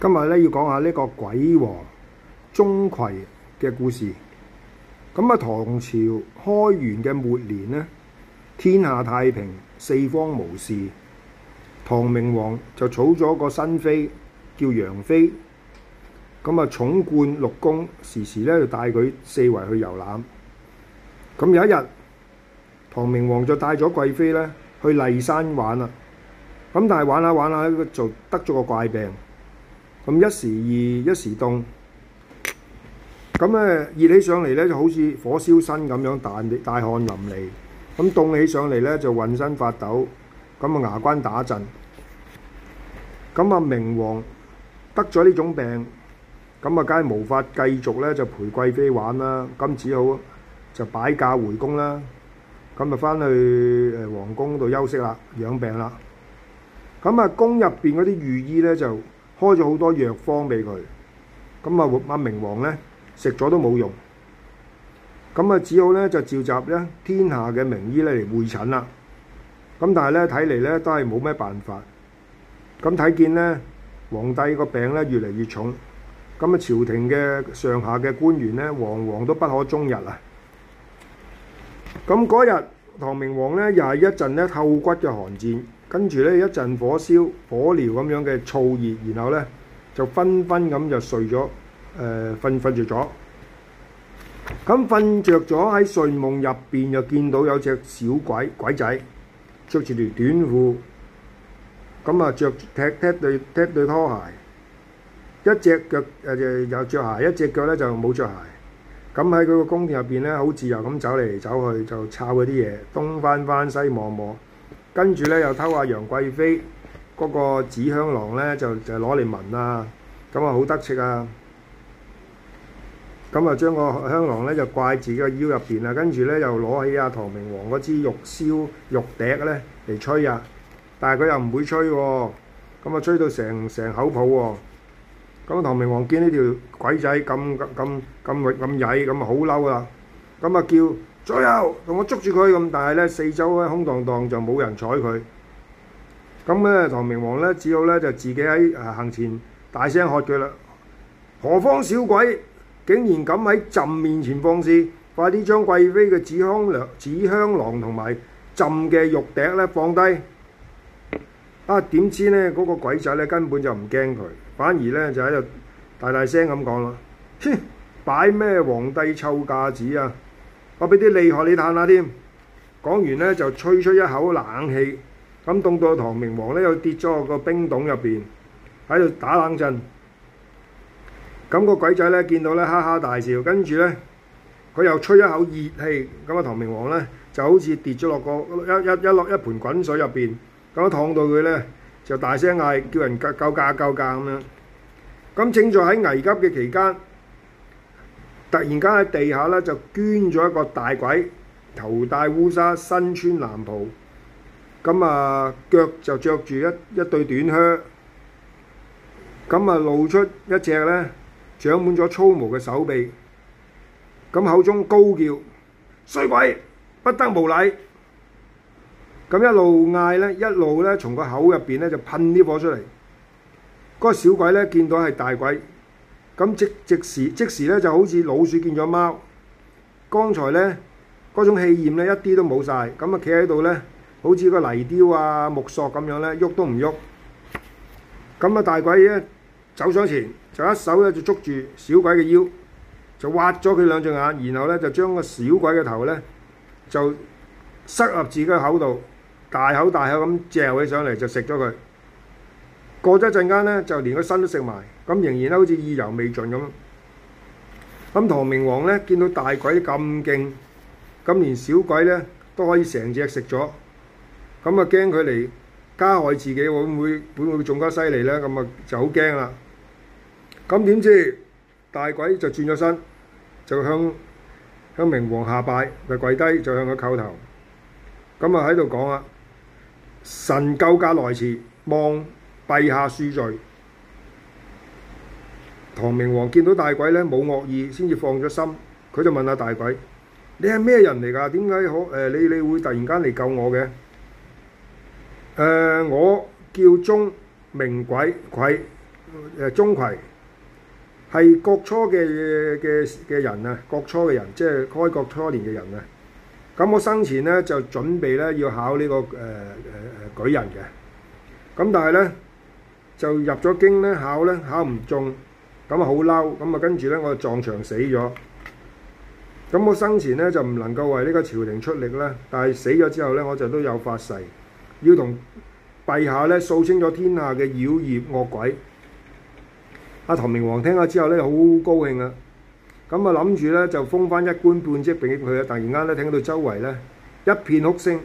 今日咧要講下呢個鬼王鍾馗嘅故事。咁啊，唐朝開元嘅末年咧，天下太平，四方無事。唐明皇就娶咗個新妃叫楊妃，咁啊寵冠六宮，時時咧就帶佢四圍去遊覽。咁有一日，唐明皇就帶咗貴妃咧去驪山玩啦。咁但係玩下玩下就得咗個怪病。咁一時熱，一時凍，咁咧熱起上嚟咧就好似火燒身咁樣，大熱大汗淋漓；咁凍起上嚟咧就渾身發抖，咁啊牙關打震。咁啊明皇得咗呢種病，咁啊梗係無法繼續咧就陪貴妃玩啦，咁只好就擺駕回宮啦，咁啊翻去誒皇宮度休息啦，養病啦。咁啊宮入邊嗰啲御醫咧就～開咗好多藥方俾佢，咁啊阿明皇咧，食咗都冇用，咁啊只好咧就召集咧天下嘅名醫咧嚟會診啦。咁但係咧睇嚟咧都係冇咩辦法，咁睇見咧皇帝個病咧越嚟越重，咁啊朝廷嘅上下嘅官員咧惶惶都不可終日啊。咁嗰日唐明皇咧又係一陣咧透骨嘅寒戰。跟住咧，一陣火燒火燎咁樣嘅燥熱，然後咧就紛紛咁就睡咗，誒瞓瞓著咗。咁瞓著咗喺睡夢入邊，又見到有隻小鬼鬼仔，著住條短褲，咁啊著踢踢對踢對拖鞋，一隻腳誒就有著鞋，一隻腳咧就冇著鞋。咁喺佢個宮殿入邊咧，好自由咁走嚟走去，就摷嗰啲嘢，東翻翻西望望。跟住咧又偷吓楊貴妃嗰個紫香囊咧就就攞嚟聞啊，咁啊好得戚啊！咁啊將個香囊咧就掛住個腰入邊啊，跟住咧又攞起阿唐明皇嗰支玉蕭玉笛咧嚟吹啊，但係佢又唔會吹喎，咁啊吹到成成口泡喎，咁唐明皇見呢條鬼仔咁咁咁咁弱咁曳，咁啊好嬲啦，咁啊叫。左右同我捉住佢咁大咧，四周咧空蕩蕩就冇人睬佢。咁咧，唐明皇咧，只好咧就自己喺行前大聲喝佢啦：何方小鬼，竟然敢喺朕面前放肆！快啲將貴妃嘅紫香囊、紫香囊同埋朕嘅玉笛咧放低！啊，點知咧嗰個鬼仔咧根本就唔驚佢，反而咧就喺度大大聲咁講啦：擺咩皇帝臭架子啊！我俾啲厲害你嘆下添，講完咧就吹出一口冷氣，咁凍到唐明皇咧又跌咗落個冰洞入邊，喺度打冷震。咁個鬼仔咧見到咧哈哈大笑，跟住咧佢又吹一口熱氣，咁啊唐明皇咧就好似跌咗落個一一一落一盆滾水入邊，咁樣燙到佢咧就大聲嗌叫人救救駕救駕咁樣。咁正在喺危急嘅期間，突然間喺地下咧就捐咗一個大鬼，頭戴烏紗，身穿藍袍，咁啊腳就着住一一對短靴，咁啊露出一隻咧長滿咗粗毛嘅手臂，咁口中高叫衰鬼不得無禮，咁一路嗌咧，一路咧從個口入邊咧就噴啲火出嚟。嗰、那個小鬼咧見到係大鬼。咁即即時即時咧就好似老鼠見咗貓，剛才咧嗰種氣焰咧一啲都冇晒。咁啊企喺度咧好似個泥雕啊木塑咁樣咧喐都唔喐，咁啊大鬼咧走上前就一手咧就捉住小鬼嘅腰，就挖咗佢兩隻眼，然後咧就將個小鬼嘅頭咧就塞入自己嘅口度，大口大口咁嚼起上嚟就食咗佢。過咗一陣間咧，就連個身都食埋，咁仍然咧好似意猶未盡咁。咁唐明皇咧見到大鬼咁勁，咁連小鬼咧都可以成隻食咗，咁啊驚佢嚟加害自己，會唔會會唔會仲加犀利咧？咁啊就好驚啦。咁點知大鬼就轉咗身，就向向明皇下拜，就跪低，就向佢叩頭。咁啊喺度講啊，神救駕來遲，望。陛下恕罪。唐明皇見到大鬼咧冇惡意，先至放咗心。佢就問下大鬼：你係咩人嚟㗎？點解可誒？你你會突然間嚟救我嘅？誒，我叫鍾明鬼馗誒，鍾馗係國初嘅嘅嘅人啊，國初嘅人，即係開國初年嘅人啊。咁我生前咧就準備咧要考呢個誒誒誒舉人嘅。咁但係咧。就入咗京咧，考咧考唔中，咁啊好嬲，咁啊跟住咧我撞牆死咗。咁我生前咧就唔能夠為呢個朝廷出力啦，但係死咗之後咧我就都有發誓，要同陛下咧掃清咗天下嘅妖孽惡鬼。阿唐明皇聽咗之後咧好高興啊，咁啊諗住咧就封翻一官半職俾佢啦，突然間咧聽到周圍咧一片哭聲，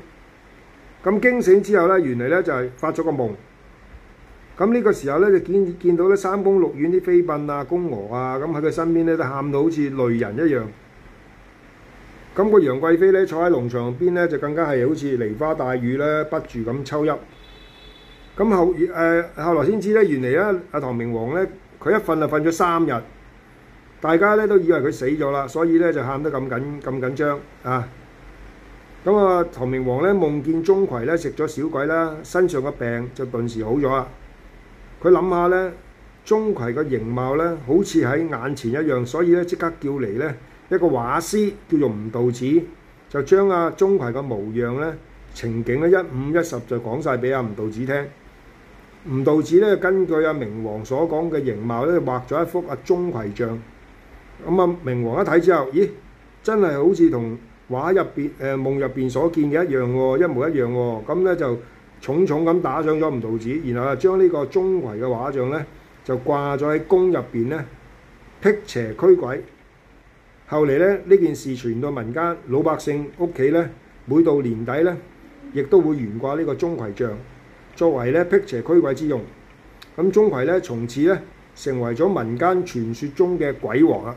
咁驚醒之後咧，原嚟咧就係發咗個夢。咁呢個時候咧，就見見到咧三宮六院啲妃嬪啊、宮娥啊，咁喺佢身邊咧都喊到好似淚人一樣。咁、那個楊貴妃咧坐喺龍床邊咧，就更加係好似梨花帶雨咧，不住咁抽泣。咁後誒、呃、後來先知咧，原嚟啊，阿唐明皇咧，佢一瞓就瞓咗三日，大家咧都以為佢死咗啦，所以咧就喊得咁緊咁緊張啊。咁個、啊、唐明皇咧夢見鍾馗咧食咗小鬼啦，身上個病就頓時好咗啦。佢諗下咧，鍾馗個形貌咧，好似喺眼前一樣，所以咧即刻叫嚟咧一個畫師叫做吳道子，就將阿鍾馗個模樣咧、情景咧一五一十就講晒俾阿吳道子聽。吳道子咧根據阿明皇所講嘅形貌咧，畫咗一幅阿鍾馗像。咁啊，明皇一睇之後，咦，真係好似同畫入邊、誒夢入邊所見嘅一樣喎，一模一樣喎。咁咧就，重重咁打賞咗吳道子，然後啊將呢個鍾馗嘅畫像咧就掛咗喺宮入邊咧辟邪驅鬼。後嚟咧呢件事傳到民間，老百姓屋企咧每到年底咧，亦都會懸掛呢個鍾馗像作為咧辟邪驅鬼之用。咁鍾馗咧，從此咧成為咗民間傳說中嘅鬼王啊！